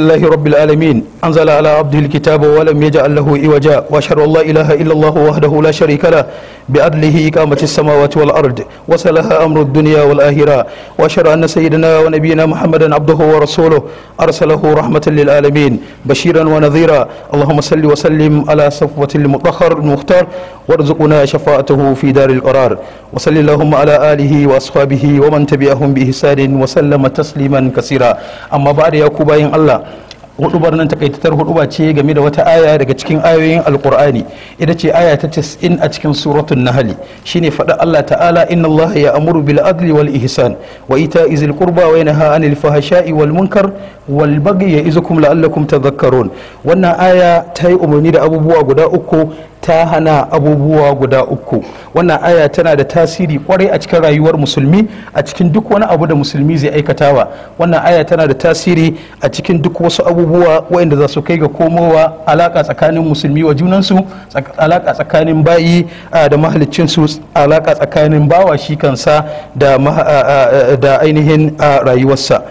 الله رب العالمين أنزل على عبده الكتاب ولم يجعل له إوجا وأشهد أن لا إله إلا الله وحده لا شريك له بأدله إقامة السماوات والأرض وصلها أمر الدنيا والآخرة وأشهد أن سيدنا ونبينا محمدا عبده ورسوله أرسله رحمة للعالمين بشيرا ونذيرا اللهم صل وسلم على صفوة المطهر المختار وارزقنا شفاعته في دار القرار وصل اللهم على آله وأصحابه ومن تبعهم بإحسان وسلم تسليما كثيرا أما بعد يا كوباين الله hudubar nan takaitattar huduba ce game da wata aya daga cikin ayoyin alkur'ani ita ce aya ta in a cikin suratun nahali shine faɗa Allah ta'ala inna Allah ya amuru bil adli wal ihsan wa ita izil qurba wa yanha anil fahsha'i wal munkar wal bagyi ya'izukum la'allakum tadhakkarun wannan aya ta yi umarni da abubuwa guda uku ta hana abubuwa guda uku wannan aya tana da tasiri kwarai a cikin rayuwar musulmi a cikin duk wani abu da musulmi zai aikatawa wannan aya tana da tasiri a cikin duk wasu abubuwa waɗanda za su kai ga komowa alaka tsakanin musulmi wa junansu alaka tsakanin bayi da su alaka tsakanin bawa shi kansa da ainihin rayuwarsa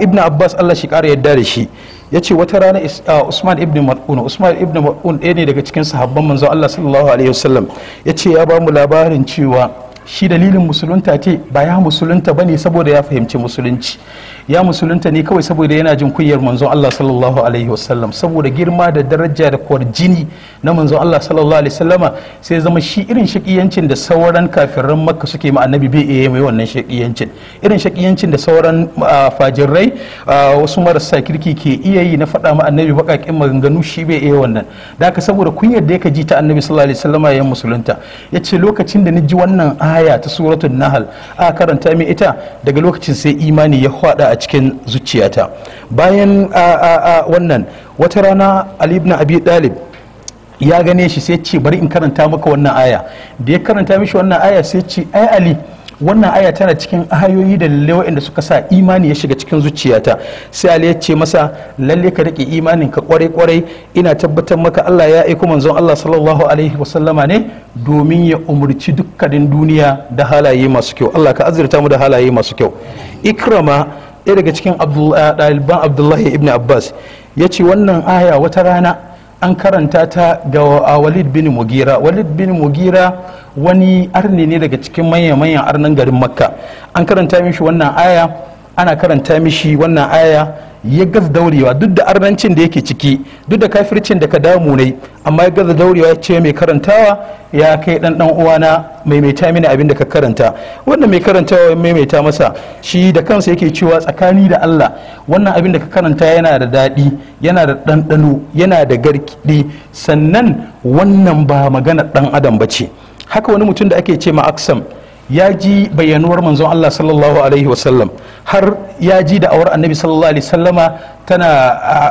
ibn abbas allah shi ƙara yarda da shi ya ce wata rana uh, usman ibn mal'un usman ibn mal'un ɗaya ne daga cikin sahabban manzo allah sallallahu alaihi wasallam ya ce ya ba mu labarin cewa shi dalilin musulunta ce ba ya musulunta bane saboda ya fahimci musulunci ya musulunta ne kawai saboda yana jin kunyar manzon Allah sallallahu alaihi wasallam saboda girma da daraja da jini na manzon Allah sallallahu alaihi wasallama sai zama shi irin shakiyancin da sauran kafirin makka suke ma annabi bai iya mai wannan shakiyancin irin shakiyancin da sauran fajirrai wasu marasa kirki ke iya yi na faɗa ma annabi baƙaƙin maganganu shi bai iya wannan da saboda kunyar da ya ji ta annabi sallallahu alaihi wasallama ya musulunta ya ce lokacin da ni ji wannan aya aya ta suratun nahal a karanta min ita daga lokacin sai imani ya hwada a cikin zuciyata bayan a wannan wata rana ali abi dalib ya gane shi sai ce bari in karanta maka wannan aya da ya karanta mishi wannan aya sai ce ai ali wannan aya tana cikin ayoyi da lalle waɗanda suka sa imani ya shiga cikin zuciyata sai Ali ya ce masa lalle ka rike imanin ka kwarai kwarai ina tabbatar maka Allah ya aiko manzon Allah sallallahu alaihi wasallama ne domin ya umurci dukkanin duniya da halaye masu kyau Allah ka azurta mu da halaye masu kyau ikrama ɗaya daga cikin ɗaliban abdullahi ibn abbas ya ce wannan aya wata rana an karanta ta ga walid bin mugira walid bin mugira wani arne ne daga cikin manya-manyan arnan garin makka an karanta mishi wannan aya ana karanta mishi wannan aya ya gaza daurewa duk da arnancin da yake ciki duk da kafircin da ka damu ne amma ya gaza daurewa ya ce mai karantawa ya kai dan dan uwana maimaita mini abin da ka karanta wannan mai karantawa ya maimaita masa shi da kansa yake cewa tsakani da Allah wannan abin da ka karanta yana da daɗi yana da ɗanɗano yana da garkiɗi sannan wannan ba magana ɗan adam ba ce haka wani mutum da ake ce ma aksam ya ji bayyanuwar manzon Allah sallallahu alaihi wasallam har ya ji da awar annabi sallallahu alaihi wasallama tana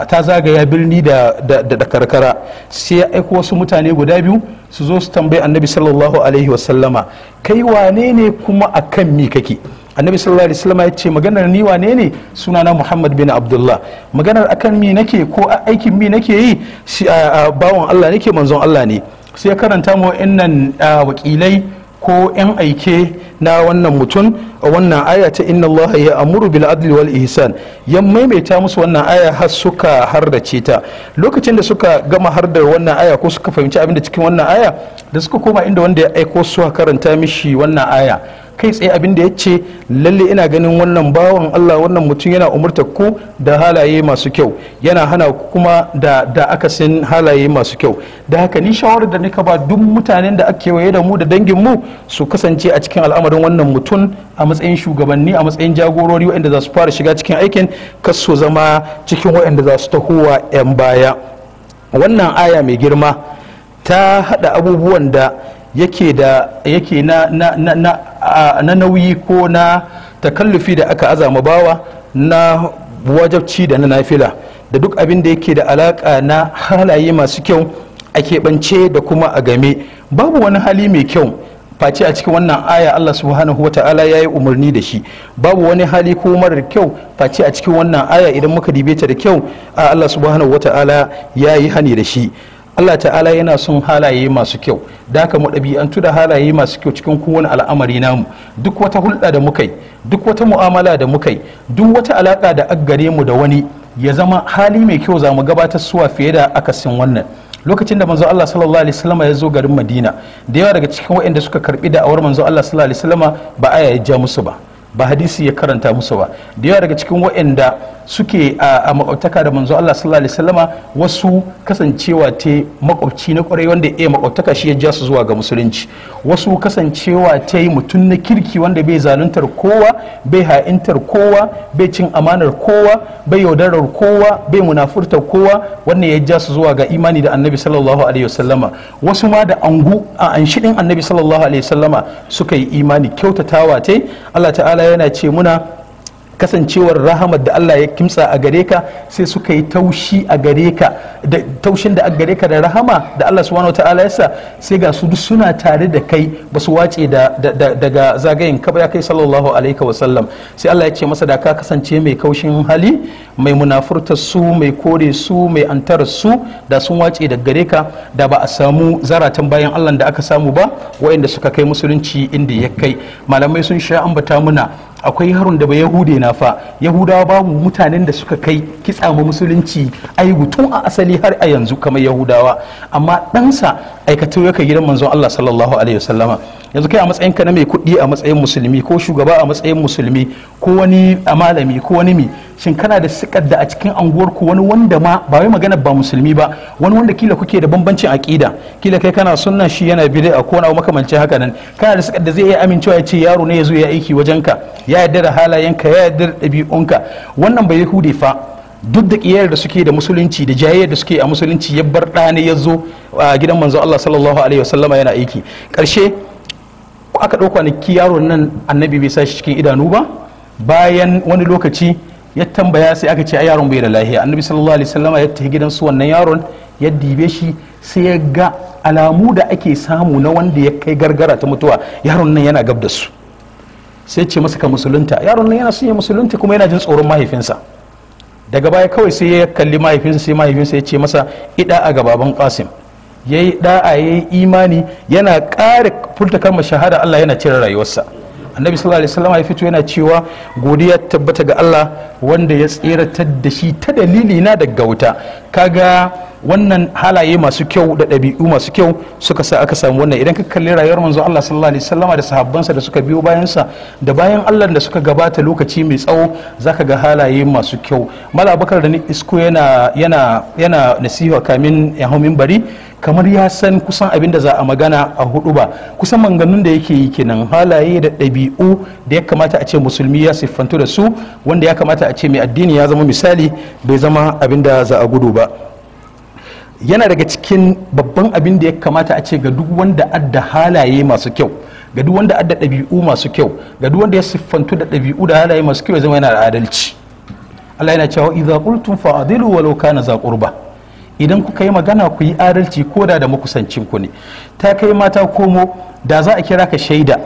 ta zagaya birni da da karkara sai ya aiko wasu mutane guda biyu su zo su tambayi annabi sallallahu alaihi wasallama kai wane ne kuma akan mi kake annabi sallallahu alaihi wasallama ya ce maganar ni wane ne sunana muhammad bin abdullah maganar akan mi nake ko aikin mi nake yi bawan allah nake manzon allah ne sai ya karanta mu innan wakilai ko 'yan aike na wannan mutum a wannan aya ta inna Allah ya amuru bil adli wal ihsan ya maimaita musu wannan aya har suka hardace ta lokacin da suka gama hardar wannan aya ko suka fahimci abin da cikin wannan aya da suka koma inda wanda ya aiko su karanta mishi wannan aya kai tsaye abin da ya ce lalle ina ganin wannan bawan Allah wannan mutum yana umurta ku da halaye masu kyau yana hana ku kuma da da akasin halaye masu kyau da haka ni shawarar da nika ba duk mutanen da ake waye da mu da dangin mu su kasance a cikin al'amarin wannan mutum a matsayin shugabanni a matsayin jagorori waɗanda za su fara shiga cikin aikin kas su zama cikin waɗanda za su tahowa 'yan baya wannan aya mai girma ta haɗa abubuwan da yake da yake na na nauyi ko na takallufi da aka azama bawa na wajabci da na nafila da duk abin da yake da alaka na halaye masu kyau a keɓance da kuma a game babu wani hali mai kyau face a cikin wannan aya Allah subhanahu wa ta'ala ya yi umarni da shi babu wani hali ko marar kyau face a cikin wannan aya idan muka dibe ta da kyau Allah subhanahu wa ta'ala ya yi hani da shi Allah ta'ala yana son halaye masu kyau daka mu ɗabi'antu da halaye masu kyau cikin kowane al'amari namu duk wata hulɗa da muka yi duk wata mu'amala da muka yi duk wata alaƙa da aggare mu da wani ya zama hali mai kyau za mu gabatar suwa fiye da akasin wannan lokacin da manzo Allah sallallahu alaihi wasallam ya zo garin Madina da yawa daga cikin waɗanda suka karbi da'awar manzo Allah sallallahu alaihi wasallam ba aya ya ja musu ba ba hadisi ya karanta musu ba da yawa daga cikin waɗanda suke a makwabtaka da manzo Allah sallallahu alaihi wasallama wasu kasancewa te makwabci na kwarai wanda ya eh, makwabtaka shi ya ja su zuwa ga musulunci wasu kasancewa ta yi mutum na kirki wanda bai zaluntar kowa bai ha'intar kowa bai cin amanar kowa bai yaudarar kowa bai munafurtar kowa wannan ya ja su zuwa ga imani da annabi sallallahu alaihi wasallama wasu ma da angu a anshidin annabi sallallahu alaihi wasallama suka yi imani kyautatawa te Allah ta'ala yana ce muna kasancewar rahamar da Allah ya kimsa a gare ka sai suka yi taushi a gare ka da taushin da a gare ka da rahama da Allah subhanahu wataala ya sa sai ga su duk suna tare da kai ba su wace daga zagayen ka ya kai sallallahu alaihi wa sai Allah ya ce masa da ka kasance mai kaushin hali mai munafurta su mai kore su mai antar su da sun wace da gare ka da ba a samu zaratan bayan Allah da aka samu ba waɗanda suka kai musulunci inda ya kai malamai sun sha ambata muna akwai harin da bai yahude na fa yahudawa babu mutanen da suka kai kitsa ma musulunci aibu tun a asali har a yanzu kamar yahudawa amma ɗansa aikatu yaka gidan manzon Allah sallallahu alaihi wasallama yanzu kai a matsayin ka na mai kuɗi a matsayin musulmi ko shugaba a matsayin musulmi ko wani a malami ko wani mi shin kana da sikar da a cikin anguwar ku wani wanda ma ba wai magana ba musulmi ba wani wanda kila kuke da bambancin aqida kila kai kana sunnan shi yana bid'a a kona makamancin haka nan kana da sikar da zai iya amincewa ya ce yaro ne ya zo ya aiki wajen ka ya yarda da halayen ka ya yarda da ɗabi'unka wannan bai hude fa duk da kiyayar da suke da musulunci da jayayyar da suke a musulunci ya bar ɗane ya zo a gidan manzo Allah sallallahu alaihi wasallama yana aiki ƙarshe ko aka ɗau kwanaki yaron nan annabi bai sa shi cikin idanu ba bayan wani lokaci ya tambaya sai aka ce a yaron bai da lahiya annabi sallallahu alaihi wasallam ya tafi gidan su wannan yaron ya dibe shi sai ya ga alamu da ake samu na wanda ya kai gargara ta mutuwa yaron nan yana gab da su sai ce masa ka musulunta yaron nan yana son ya musulunta kuma yana jin tsoron mahaifinsa daga baya kawai sai ya kalli mahaifinsa sai mahaifinsa ya ce masa ida a gababan qasim ya yi da'a ya yi imani yana ƙara furta kalmar shahada Allah yana cire rayuwarsa annabi sallallahu alaihi wasallam ya fito yana cewa godiya tabbata ga Allah wanda ya tseratar da shi ta dalili na daga wuta kaga wannan halaye masu kyau da ɗabi'u masu kyau suka sa aka samu wannan idan ka kalli rayuwar manzo Allah sallallahu alaihi wasallama da sahabbansa da suka biyo bayansa da bayan Allah da suka gabata lokaci mai tsawo zaka ga halaye masu kyau mala abakar da ni isko yana yana yana nasiha kamin ya hau minbari kamar ya san kusan abin da za a magana a hudu ba kusan manganun da yake yi kenan halaye da ɗabi'u da ya kamata a ce musulmi ya siffantu da su wanda ya kamata a ce mai addini ya zama misali bai zama abin da za a gudu ba yana daga cikin babban abin da ya kamata a ce ga duk wanda adda halaye masu kyau ga duk wanda adda ɗabi'u masu kyau ga duk wanda ya siffantu da ɗabi'u da halaye masu kyau ya zama yana da adalci Allah yana cewa idza qultum fa'dilu walau kana za qurba idan kuka yi magana ku yi adalci ko da da makusancin ku ne ta kai mata komo da za a kira ka shaida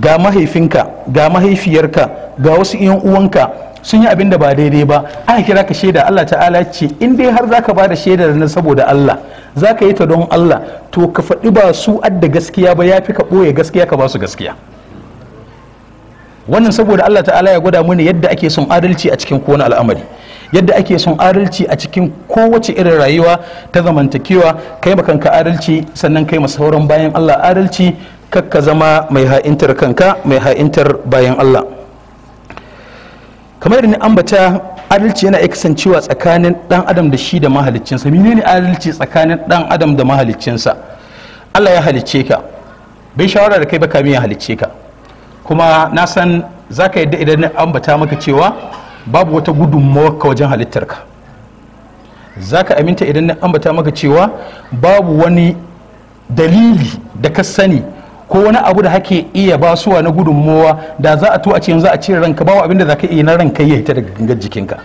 ga mahaifinka ga mahaifiyarka ga wasu iyan uwanka sun yi abin da ba daidai ba aka kira ka shaida Allah ta'ala ce in dai har zaka ba da shaidar nan saboda Allah zaka yi ta don Allah to ka faɗi ba su adda gaskiya ba yafi ka ɓoye gaskiya ka ba su gaskiya wannan saboda Allah ta'ala ya gwada mana yadda ake son adalci a cikin kowane al'amari yadda ake son adalci a cikin kowace irin rayuwa ta zamantakewa kai ma kanka adalci sannan kai ma sauran bayan Allah adalci kakka zama mai ha'intar kanka mai ha'intar bayan Allah kamar da ni ambata adalci yana iya kasancewa tsakanin dan adam da shi da mahaliccinsa menene adalci tsakanin dan adam da mahaliccinsa Allah ya halicce ka bai shawara da kai ba kamin ya halicce ka kuma na san za ka yadda idan ambata maka cewa babu wata gudunmawar ka wajen halittarka za ka aminta idan ambata maka cewa babu wani dalili da ka sani ko wani abu da hake iya basuwa na gudunmowa da za a to a ce yanzu a cire ranka ba abin da za ka iya na ranka ya hita daga gangar jikinka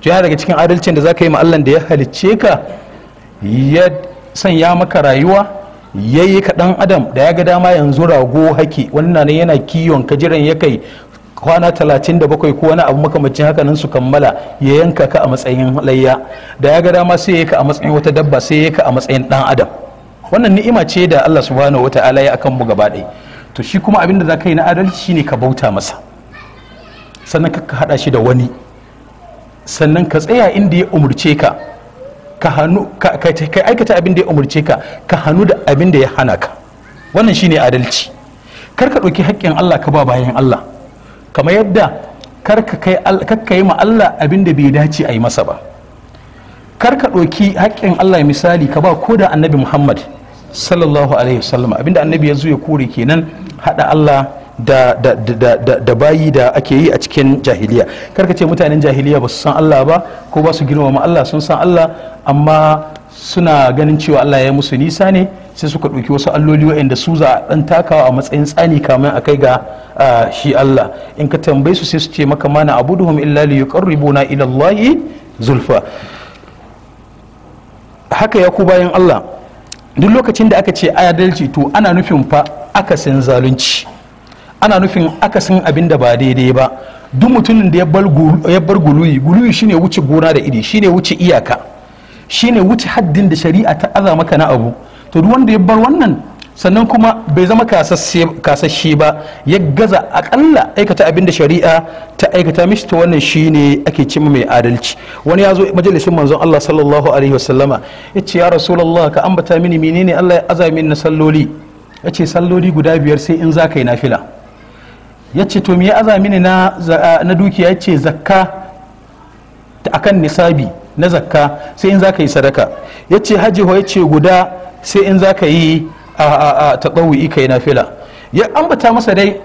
to yana daga cikin adalcin da za ka yi ma da ya halicce ka ya sanya maka rayuwa ya yi ka dan adam da ya ga dama yanzu rago hake wannan ne yana kiyon ka jiran ya kai kwana talatin da bakwai ko wani abu makamacin haka nan su kammala ya yanka ka a matsayin layya da ya ga dama sai ya ka a matsayin wata dabba sai ya ka a matsayin dan adam wannan ni'ima ce da Allah subhanahu wata'ala ya akan mu gaba ɗaya to shi kuma abin da za ka yi na adalci ne ka bauta masa sannan ka haɗa shi da wani sannan ka tsaya inda ya umurce ka ka hannu ka aikata abin da ya umurce ka ka hannu da abin da ya hana ka wannan shine adalci kar ka ɗauki haƙƙin Allah ka ba bayan Allah kamar yadda kar ka yi ma Allah abin da bai dace a yi masa ba kar ka ɗauki haƙƙin Allah misali ka ba ko da annabi Muhammad sallallahu alaihi wasallam abinda annabi ya zo ya kore kenan hada Allah da da da da da bayi da ake yi a cikin jahiliya karka ce mutanen jahiliya ba su san Allah ba ko ba su girmama Allah sun san Allah amma suna ganin cewa Allah ya musu nisa ne sai suka ɗauki wasu alloli waɗanda su za a ɗan takawa a matsayin tsani kamar a kai ga shi Allah in ka tambaye su sai su ce maka mana abuduhum illa li yuqarribuna ila Allah zulfa haka ya ku bayan Allah duk lokacin da aka ce adalci to ana nufin fa akasin zalunci ana nufin akasin abin da ba daidai ba duk mutumin da ya bar guluyi guluyi shine wuce gona da iri shine wuce iyaka shine wuce haddin da shari'a ta azama maka na abu to duk wanda ya bar wannan sannan kuma bai zama kasashe ba ya gaza akalla aikata abin da shari'a ta aikata mishi ta wannan ne ake cimma mai adalci wani ya zo majalisin manzon Allah sallallahu alaihi wasallama ya ce ya rasulullah ka ambata mini menene Allah ya azamin na salloli ya ce salloli guda biyar sai in za ka yi nafila ya ce to me ya azamini na na dukiya ya ce zakka akan nisabi na zakka sai in za ka yi sadaka ya ce hajji ya ce guda sai in za ka yi ta ɗauwi kai na fila ya ambata masa dai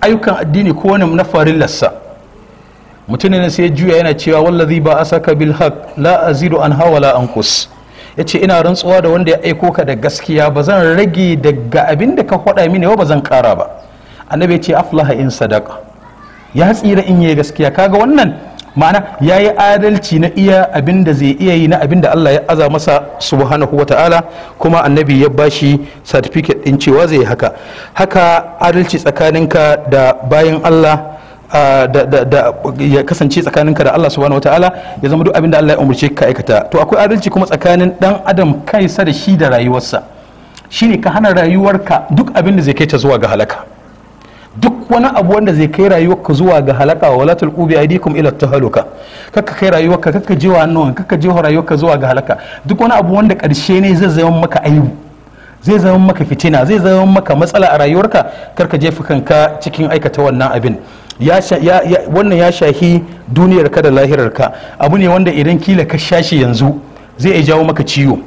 ayyukan addini ko wani na farillarsa mutumin ne sai juya yana cewa wallazi ba asaka bil haq la azidu an hawala an kus yace ina rantsuwa da wanda ya aiko ka da gaskiya ba zan rage daga abin da ka faɗa mini ba zan kara ba annabi ya ce aflaha in sadaka ya tsira in yi gaskiya kaga wannan ma'ana ya yi adalci na iya abin da zai iya yi na abin da Allah ya aza masa subhanahu wa ta'ala kuma annabi ya bashi certificate din cewa zai yi haka haka adalci tsakaninka da bayan Allah da ya kasance tsakaninka da Allah subhanahu wataala ya zama duk abin da Allah ya umarce ka aikata to akwai adalci kuma tsakanin dan adam sa da shi da rayuwarsa shine ka hana rayuwarka duk abin da zai kai ta zuwa ga halaka duk wani abu wanda zai kai rayuwarka zuwa ga halaka wa walatul ubi aidikum ila tahaluka kaka kai rayuwarka kakka jewa hannuwan kakka jewa rayuwarka zuwa ga halaka duk wani abu wanda karshe ne zai zama maka aibu zai zama maka fitina zai zama maka matsala a rayuwarka karka jefa kanka cikin aikata wannan abin wannan ya shahi duniyarka da lahirar ka. abu ne wanda idan kila ka shashi yanzu zai iya jawo maka ciwo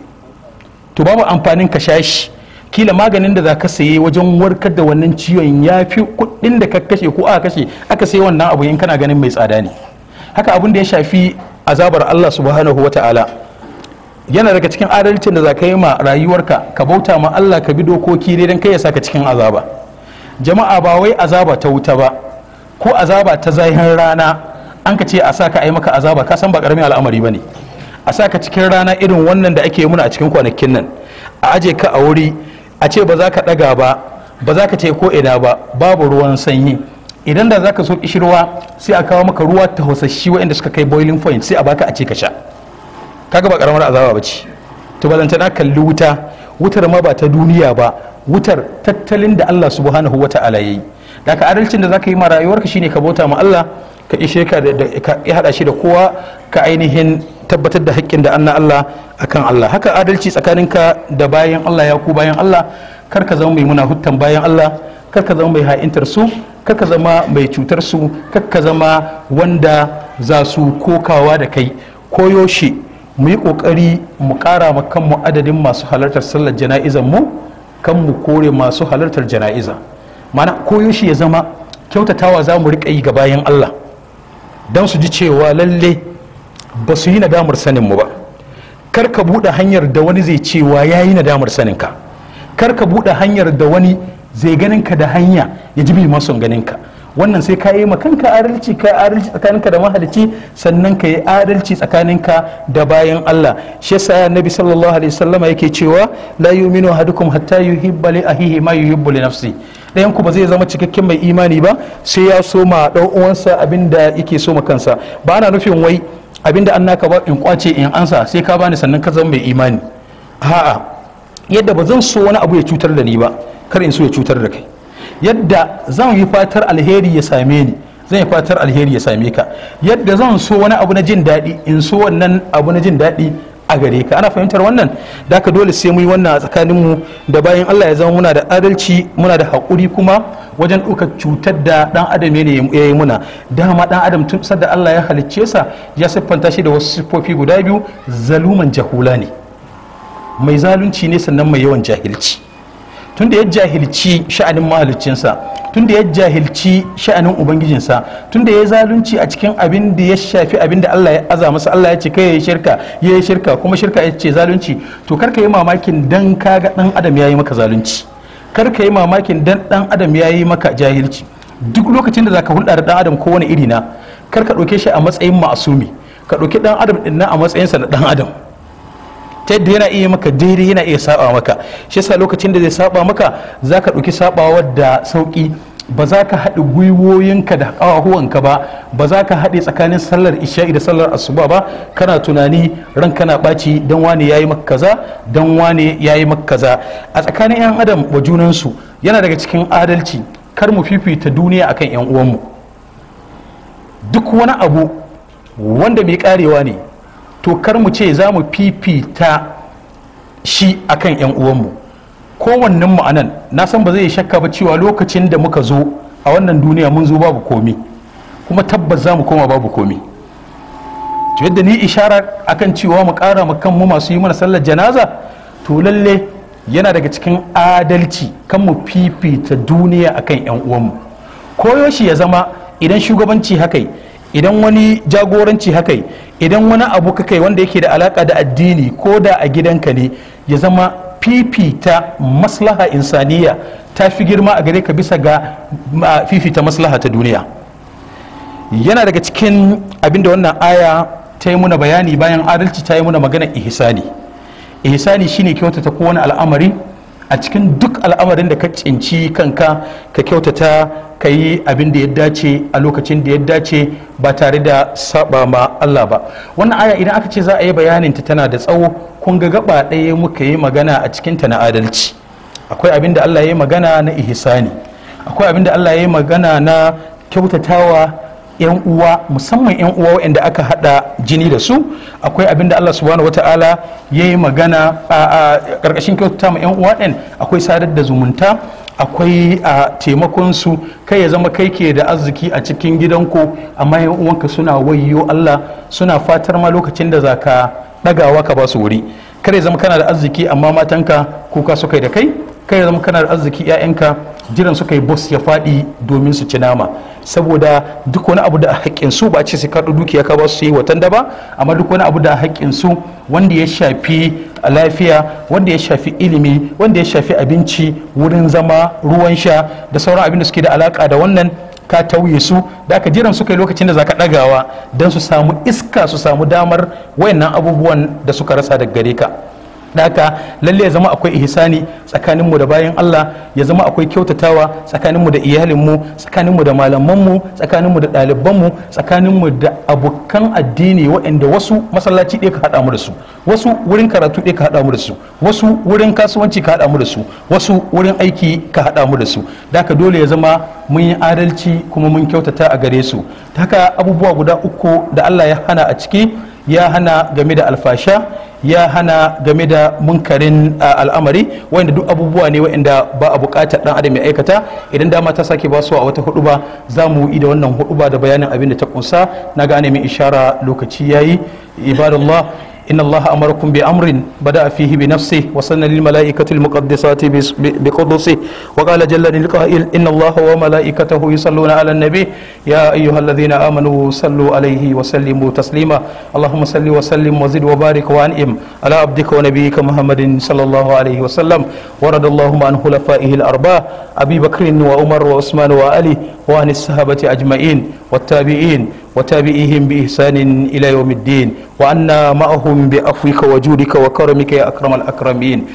to babu amfanin ka shashi kila maganin da za ka saye wajen warkar da wannan ciwon ya fi kuɗin da ka kashe ko aka kashe aka sayi wannan abu in kana ganin mai tsada ne haka abin da ya shafi azabar Allah subhanahu wa ta'ala yana daga cikin adalcin da za ka yi ma rayuwarka ka bauta ma Allah ka bi dokoki dai don kai ya saka cikin azaba jama'a ba wai azaba ta wuta ba ko azaba ta zahin rana an ka ce a saka ai maka azaba ka san ba karamin al'amari ba ne a saka cikin rana irin wannan da ake muna a cikin kwanakin nan a aje ka a wuri a ce ba za ka ɗaga ba ba za ka ce ko ina ba babu ruwan sanyi idan da za ka so kishirwa sai a kawo maka ruwa ta hausashi inda suka kai boiling point sai a baka a ce ka sha kaga ba karamar azaba ba ce to balanta na kalli wuta wutar ma ba ta duniya ba wutar tattalin da Allah subhanahu wa ta'ala yayi da ka adalcin da za ka yi ma rayuwarka shine ka bauta ma Allah ka ishe ka da ka shi da kowa ka ainihin tabbatar da haƙƙin da anna Allah akan Allah haka adalci tsakaninka da bayan Allah ya ku bayan Allah kar ka zama mai munahuttan bayan Allah kar ka zama mai ha'intar su kar ka zama mai cutar su kar ka zama wanda za su kokawa da kai koyoshe mu yi kokari mu kara ma kanmu adadin masu halartar sallar jana'izar mu kan mu kore masu halartar jana'iza mana koyoshe ya zama kyautatawa za mu riƙa yi ga bayan Allah don su ji cewa lalle ba su yi nadamar sanin mu ba kar ka buɗe hanyar da wani zai cewa ya yi nadamar sanin ka kar ka buɗe hanyar da wani zai ganinka da hanya ya ji bai masu ganin wannan sai ka yi ma kanka adalci ka adalci tsakaninka da mahalicci sannan ka yi adalci tsakaninka da bayan Allah shi yasa annabi sallallahu alaihi wasallam yake cewa la yu'minu ahadukum hatta yuhibba li ahihi ma yuhibbu li nafsi ɗayan ku ba zai zama cikakken mai imani ba sai ya so ma ɗan uwansa abinda yake so ma kansa ba ana nufin wai abinda an naka ba in kwace in ansa sai ka bani sannan ka zama mai imani a'a yadda ba zan so wani abu ya cutar da ni ba kar in so ya cutar da kai yadda zan yi fatar alheri ya same ni zan yi fatar alheri ya same ka yadda zan so wani abu na jin daɗi in so wannan abu na jin daɗi a gare ka ana fahimtar wannan da ka dole sai mu yi wannan a tsakaninmu da bayan Allah ya zama muna da adalci muna da haƙuri kuma wajen ɗuka cutar da ɗan adam ne ya yi muna dama ɗan adam tun da Allah ya halicce sa ya siffanta shi da wasu siffofi guda biyu zaluman jahula ne mai zalunci ne sannan mai yawan jahilci Tun da ya jahilci sha'anin mahaliccinsa da ya jahilci sha'anin ubangijinsa tun da ya zalunci a cikin abin da ya shafi abin da Allah ya aza masa Allah ya ce kai yayi shirka yayi shirka kuma shirka ya ce zalunci to kar ka yi mamakin dan kaga dan adam yayi maka zalunci kar yi mamakin dan dan adam yayi maka jahilci duk lokacin da zaka hulɗa da dan adam ko wani iri na kar ka ɗauke shi a matsayin ma'asumi ka ɗauki dan adam ɗin a matsayinsa na dan adam ta yadda yana iya maka daidai yana iya saba maka shi yasa lokacin da zai saba maka za ka ɗauki saba da sauƙi ba za ka haɗi gwiwoyinka da ƙawahuwanka ba ba za ka haɗe tsakanin sallar isha'i da sallar asuba ba kana tunani ran kana ɓaci dan wane ya yi maka kaza don wane ya yi maka a tsakanin 'yan adam wa junansu yana daga cikin adalci kar mu fifita duniya akan 'yan uwanmu duk wani abu wanda mai karewa ne to kar mu ce za mu fifita shi akan yan uwanmu kowannen mu anan na san ba zai yi shakka ba cewa lokacin da muka zo a wannan duniya mun zo babu komi kuma tabbas za mu koma babu komi to yadda ni ishara akan cewa mu kara mu kanmu masu yi mana sallar janaza to lalle yana daga cikin adalci kan mu fifita duniya akan yan uwanmu koyo shi ya zama idan shugabanci haka idan wani jagoranci haka idan wani abu ka kai wanda yake da alaka da addini ko da a gidanka ne ya zama fifita maslaha insaniya ta fi girma a gare ka bisa ga fifita maslaha ta duniya yana daga cikin abinda wannan aya ta yi muna bayani bayan adalci ta yi muna magana ihsani ihsani shine kyautata kowane al'amari a cikin duk al'amarin da ka cinci kanka ka kyautata ka yi abin da ya dace a lokacin da ya dace ba tare da saba ma Allah ba wannan aya idan aka ce za a yi bayanin ta tana da tsawo kun ga gaba ɗaya muka yi magana a cikin ta na adalci akwai abin da Allah ya yi magana na ihsani akwai abin da Allah ya yi magana na kyautatawa yan uwa musamman yan uwa wanda aka hada jini da su akwai abinda Allah subhanahu wataala ya yi magana a karkashin kyautata ma yan uwa ɗin akwai sadar da zumunta akwai a taimakon su kai ya zama kai ke da arziki a cikin gidanku amma yan uwanka suna wayyo Allah suna fatar ma lokacin da zaka ɗagawa ka ba su wuri kare zama kana da arziki amma matanka kuka suka da kai kai zama kana da arziki 'ya'yanka jiran suka yi bus ya faɗi domin su ci nama saboda duk wani abu da haƙƙin su ba a ce su ka dukiya ka ba su yi watan da ba amma duk wani abu da haƙƙin su wanda ya shafi lafiya wanda ya shafi ilimi wanda ya shafi abinci wurin zama ruwan sha da sauran abin da suke da alaka da wannan ka tauye su da aka jiran suka yi lokacin da za ka ɗagawa don su samu iska su samu damar wayannan abubuwan da suka rasa daga gare ka haka lalle ya zama akwai ihsani tsakaninmu da bayan Allah ya zama akwai kyautatawa tsakaninmu da iyalinmu tsakaninmu da malamanmu tsakaninmu da ɗalibanmu tsakaninmu da abokan addini waɗanda wasu masallaci ɗaya ka haɗa mu da su wasu wurin karatu ɗaya ka haɗa mu da su wasu wurin kasuwanci ka haɗa mu da su wasu wurin aiki ka haɗa mu da su haka dole ya zama mun yi adalci kuma mun kyautata a gare su haka abubuwa guda uku da Allah ya hana a ciki ya hana game da alfasha ya hana game da munkarin al'amari wanda duk abubuwa ne wanda ba a bukatar dan adam ya aikata idan dama ta sake basu a wata huduba za mu yi da wannan huduba da bayanin abin da ta kunsa na gane min ishara lokaci yayi ibadallah إن الله أمركم بأمر بدأ فيه بنفسه وسن للملائكة المقدسات بقدسه وقال جل للقائل إن الله وملائكته يصلون على النبي يا أيها الذين آمنوا صلوا عليه وسلموا تسليما اللهم صل وسلم وزد وبارك وأنئم على عبدك ونبيك محمد صلى الله عليه وسلم ورد اللهم عن خلفائه الأربعة أبي بكر وعمر وعثمان وعلي وعن الصحابة أجمعين والتابعين وتابعيهم بإحسان إلى يوم الدين وأنا معهم بعفوك وجودك وكرمك يا أكرم الأكرمين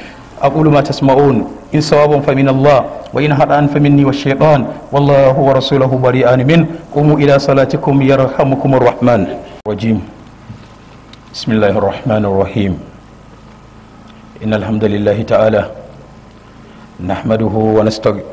أقول ما تسمعون إن صواب فمن الله وإن خطأ فمني والشيطان والله ورسوله بريئان من قوموا إلى صلاتكم يرحمكم الرحمن الرجيم بسم الله الرحمن الرحيم إن الحمد لله تعالى نحمده ونستغفره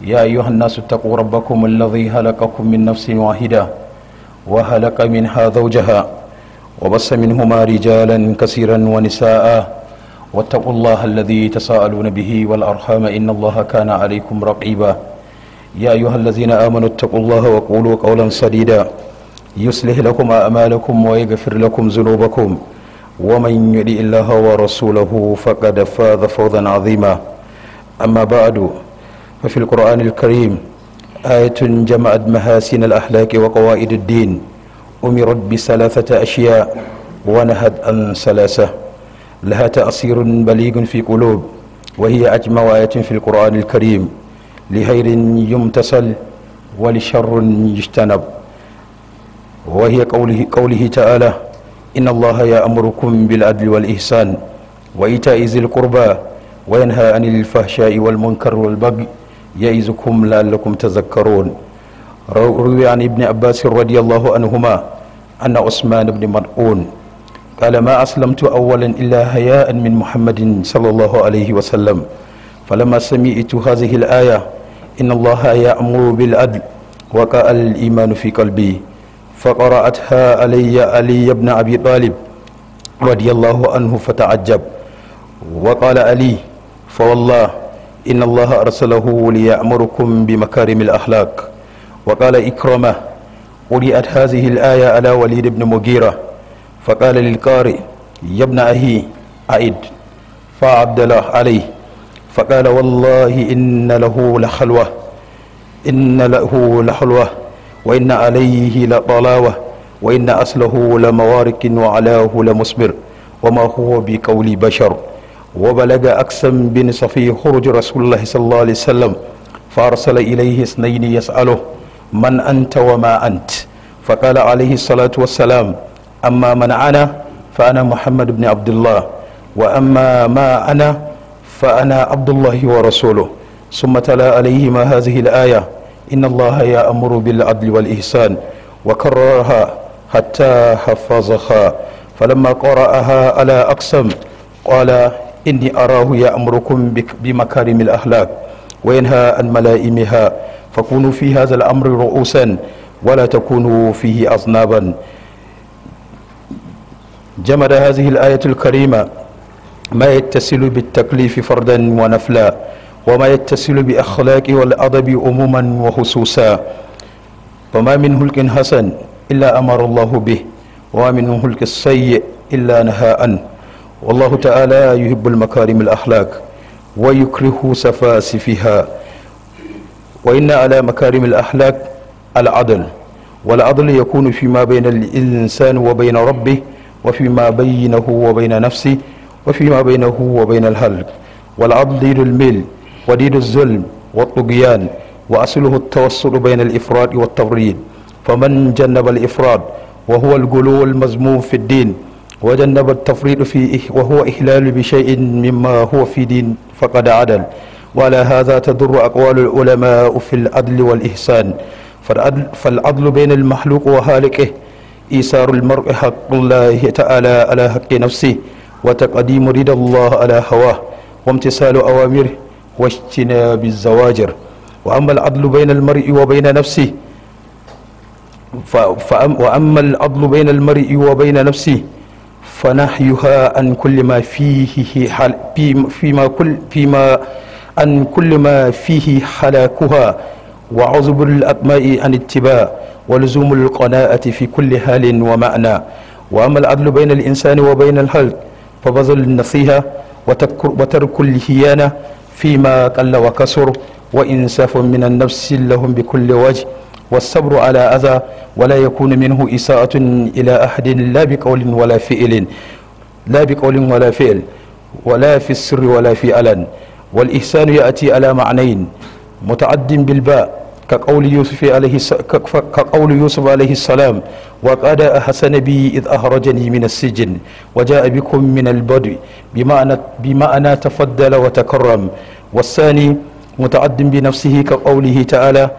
يا أيها الناس اتقوا ربكم الذي هلككم من نفس واحدة وهلك منها زوجها وبس منهما رجالا كثيرا ونساء واتقوا الله الذي تساءلون به والأرحام إن الله كان عليكم رقيبا يا أيها الذين آمنوا اتقوا الله وقولوا قولا سديدا يصلح لكم أعمالكم ويغفر لكم ذنوبكم ومن يطع الله ورسوله فقد فاز فوزا عظيما أما بعد وفي القرآن الكريم آية جمعت محاسن الأخلاق وقواعد الدين أمرت بثلاثة أشياء ونهت عن ثلاثة لها تأثير بليغ في قلوب وهي أجمع آية في القرآن الكريم لخير يمتثل ولشر يجتنب وهي قوله, قوله تعالى إن الله يأمركم بالعدل والإحسان وإيتاء ذي القربى وينهى عن الفحشاء والمنكر والبغي يعظكم لعلكم تذكرون روي عن ابن عباس رضي الله عنهما أن عثمان بن مرعون قال ما أسلمت أولا إلا هياء من محمد صلى الله عليه وسلم فلما سمعت هذه الآية إن الله يأمر بالعدل وقع الإيمان في قلبي فقرأتها علي علي بن أبي طالب رضي الله عنه فتعجب وقال علي فوالله إن الله أرسله ليأمركم بمكارم الأخلاق وقال إكرمة قرئت هذه الآية على وليد بن مغيرة فقال للقارئ يا ابن أهي أعد فعبد الله عليه فقال والله إن له لخلوة إن له لحلوة وإن عليه لطلاوة وإن أصله لموارك وعلاه لمصبر وما هو بقول بشر وبلغ أقسم بن صفي خرج رسول الله صلى الله عليه وسلم فأرسل إليه اثنين يسأله من أنت وما أنت فقال عليه الصلاة والسلام أما من أنا فأنا محمد بن عبد الله وأما ما أنا فأنا عبد الله ورسوله ثم تلا عليهما هذه الآية إن الله يأمر بالعدل والإحسان وكررها حتى حفظها فلما قرأها على أقسم قال إني أراه يأمركم بمكارم الأخلاق وينهى عن ملائمها فكونوا في هذا الأمر رؤوسا ولا تكونوا فيه أصنابا جمد هذه الآية الكريمة ما يتصل بالتكليف فردا ونفلا وما يتصل بأخلاق والأدب عموما وخصوصا وما من هلك حسن إلا أمر الله به وما من هلك السيء إلا نهاء والله تعالى يحب المكارم الأخلاق ويكره سفاسفها وإن على مكارم الأخلاق العدل والعدل يكون فيما بين الإنسان وبين ربه وفيما بينه وبين نفسه وفيما بينه وبين الهلك والعدل دين الميل ودين الظلم والطغيان وأصله التوسط بين الإفراد والتفريد فمن جنب الإفراد وهو الغلو المزموم في الدين وجنب التفريط فيه وهو إحلال بشيء مما هو في دين فقد عدل وعلى هذا تدر أقوال العلماء في العدل والإحسان فالعدل بين المخلوق وهالكه إيسار المرء حق الله تعالى على حق نفسه وتقديم رضا الله على هواه وامتثال أوامره واجتناب الزواجر وأما العدل بين المرء وبين نفسه وأما العدل بين المرء وبين نفسه فنحيها عن كل ما فيه حل فيما كل فيما عن كل ما فيه حلاكها وعزب الأبماء عن اتباع ولزوم القناعة في كل حال ومعنى وأما العدل بين الإنسان وبين الخلق فبذل النصيحة وترك الهيانة فيما قل وكسر وإنساف من النفس لهم بكل وجه والصبر على أذى ولا يكون منه إساءة إلى أحد لا بقول ولا فعل لا بقول ولا فعل ولا في السر ولا في علن والإحسان يأتي على معنين متعد بالباء كقول يوسف عليه كقول يوسف عليه السلام وقد أحسن بي إذ أخرجني من السجن وجاء بكم من البدو بمعنى بمعنى تفضل وتكرم والثاني متعد بنفسه كقوله تعالى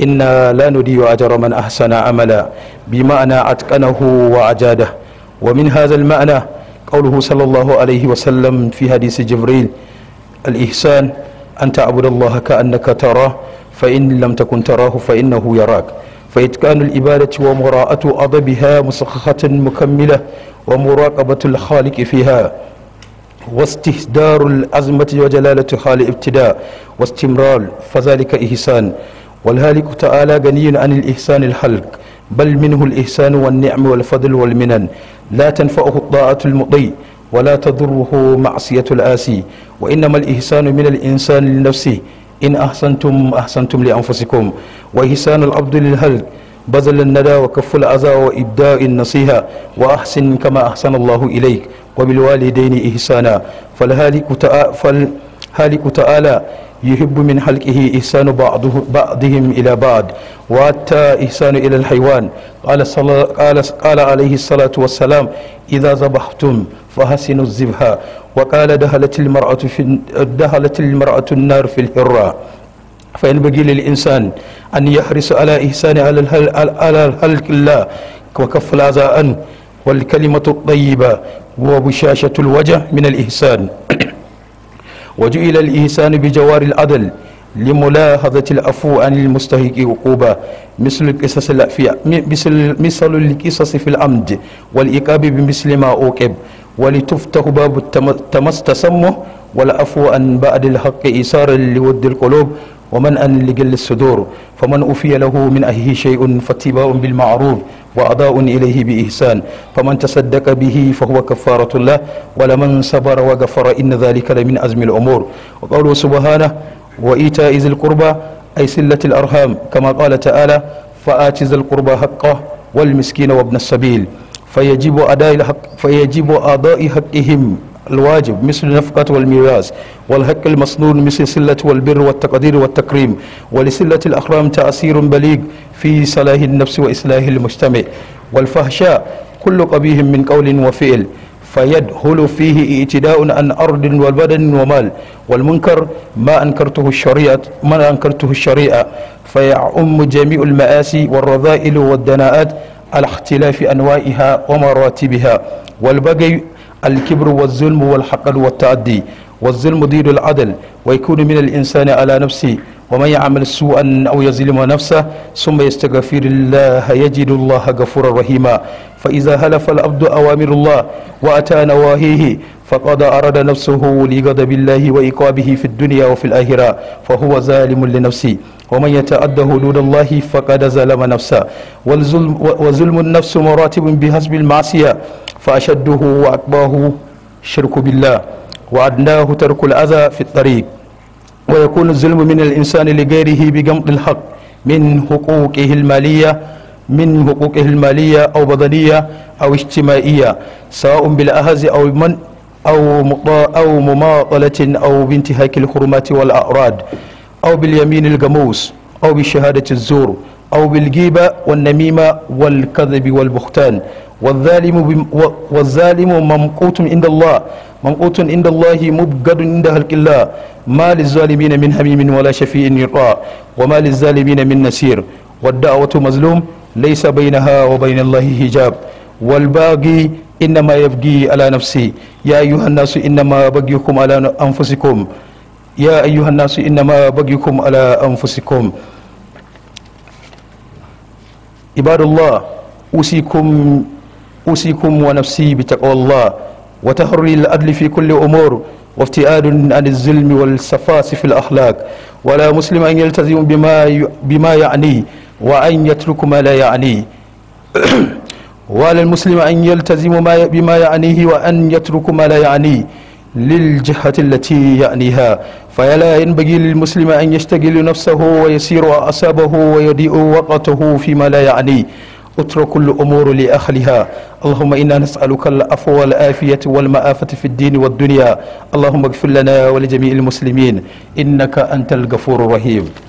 إنا لا نضيع أجر من أحسن عملا بمعنى أتقنه وأجاده ومن هذا المعنى قوله صلى الله عليه وسلم في حديث جبريل الإحسان أن تعبد الله كأنك تراه فإن لم تكن تراه فإنه يراك فإتقان الإبادة ومراءة أضبها مسخخة مكملة ومراقبة الخالق فيها واستهدار الأزمة وجلالة حال ابتداء واستمرار فذلك إحسان والهالك تعالى غني عن الإحسان الحلق بل منه الإحسان والنعم والفضل والمنن لا تنفعه الطاعة المطيع ولا تضره معصية الآسي وإنما الإحسان من الإنسان لنفسه إن أحسنتم أحسنتم لأنفسكم وإحسان العبد للهلك بذل الندى وكف الأذى وإبداء النصيحة وأحسن كما أحسن الله إليك وبالوالدين إحسانا فالهالك فال خالق تعالى يحب من خلقه إحسان بعضه بعضهم إلى بعض وأتى إحسان إلى الحيوان قال, صلى قال, قال عليه الصلاة والسلام إذا ذبحتم فحسنوا الذبح وقال دخلت المرأة في دخلت المرأة النار في الحرة فينبغي للإنسان أن يحرص على إحسان على على خلق الله وكف الأذى والكلمة الطيبة وبشاشة الوجه من الإحسان وجعل الإحسان بجوار العدل لملاحظة العفو عن المستحق عقوبة مثل القصص مثل مثل القصص في العمد والإيقاب بمثل ما أوكب ولتفتح باب التمس تسمه والعفو عن بعد الحق إيثارا لود القلوب ومن أن لجل الصدور فمن أوفي له من أهله شيء فاتباع بالمعروف وأداء إليه بإحسان فمن تصدق به فهو كفارة له ولمن صبر وغفر إن ذلك لمن أزم الأمور وقوله سبحانه وإيتاء ذي القربى أي سلة الأرحام كما قال تعالى فآت ذي القربى حقه والمسكين وابن السبيل فيجب أداء الحق فيجب أداء حقهم الواجب مثل النفقة والميراث والحق المصنون مثل سلة والبر والتقدير والتكريم ولسلة الأخرام تأثير بليغ في صلاح النفس وإصلاح المجتمع والفحشاء كل قبيح من قول وفعل فيدخل فيه اعتداء عن أرض وبدن ومال والمنكر ما أنكرته الشريعة ما أنكرته الشريعة فيعم جميع المآسي والرذائل والدناءات على اختلاف أنواعها ومراتبها والبغي الكبر والظلم والحقد والتعدي والظلم دين العدل ويكون من الإنسان على نفسه ومن يعمل سوءا أو يظلم نفسه ثم يستغفر الله يجد الله غفورا رحيما فإذا هلف العبد أوامر الله وأتى نواهيه فقد أراد نفسه لغضب الله وإقابه في الدنيا وفي الآخرة فهو ظالم لنفسه ومن يتعد حدود الله فقد ظلم نفسه وظلم النفس مراتب بحسب المعصية فأشده وأكباه الشرك بالله وأدناه ترك الأذى في الطريق ويكون الظلم من الإنسان لغيره بجمع الحق من حقوقه المالية من حقوقه المالية أو بدنية أو اجتماعية سواء بالأهز أو من أو أو مماطلة أو بانتهاك الحرمات والأعراض أو باليمين الجموس أو بشهادة الزور أو بالجيبة والنميمة والكذب والبختان والظالم والظالم ممقوت عند الله ممقوت عند الله مبغض عند خلق الله ما للظالمين من هميم ولا شفيع يطاع وما للظالمين من نسير والدعوة مظلوم ليس بينها وبين الله حجاب والباقي إنما يبغي على نفسه يا أيها الناس إنما بغيكم على أنفسكم يا أيها الناس إنما بغيكم على أنفسكم عباد الله أوصيكم أوصيكم ونفسي بتقوى الله وتحري الأدل في كل أمور وافتئاد عن الظلم والسفاسف في الأخلاق ولا مسلم أن يلتزم بما بما يعنيه وأن يترك ما لا يعنيه ولا المسلم أن يلتزم بما يعنيه وأن يترك ما لا يعنيه للجهة التي يعنيها فلا ينبغي للمسلم أن يشتغل نفسه ويسير أعصابه ويضيء وقته فيما لا يعنيه اترك الأمور لأخلها اللهم إنا نسألك العفو والعافية والمآفة في الدين والدنيا اللهم اغفر لنا ولجميع المسلمين إنك أنت الغفور الرحيم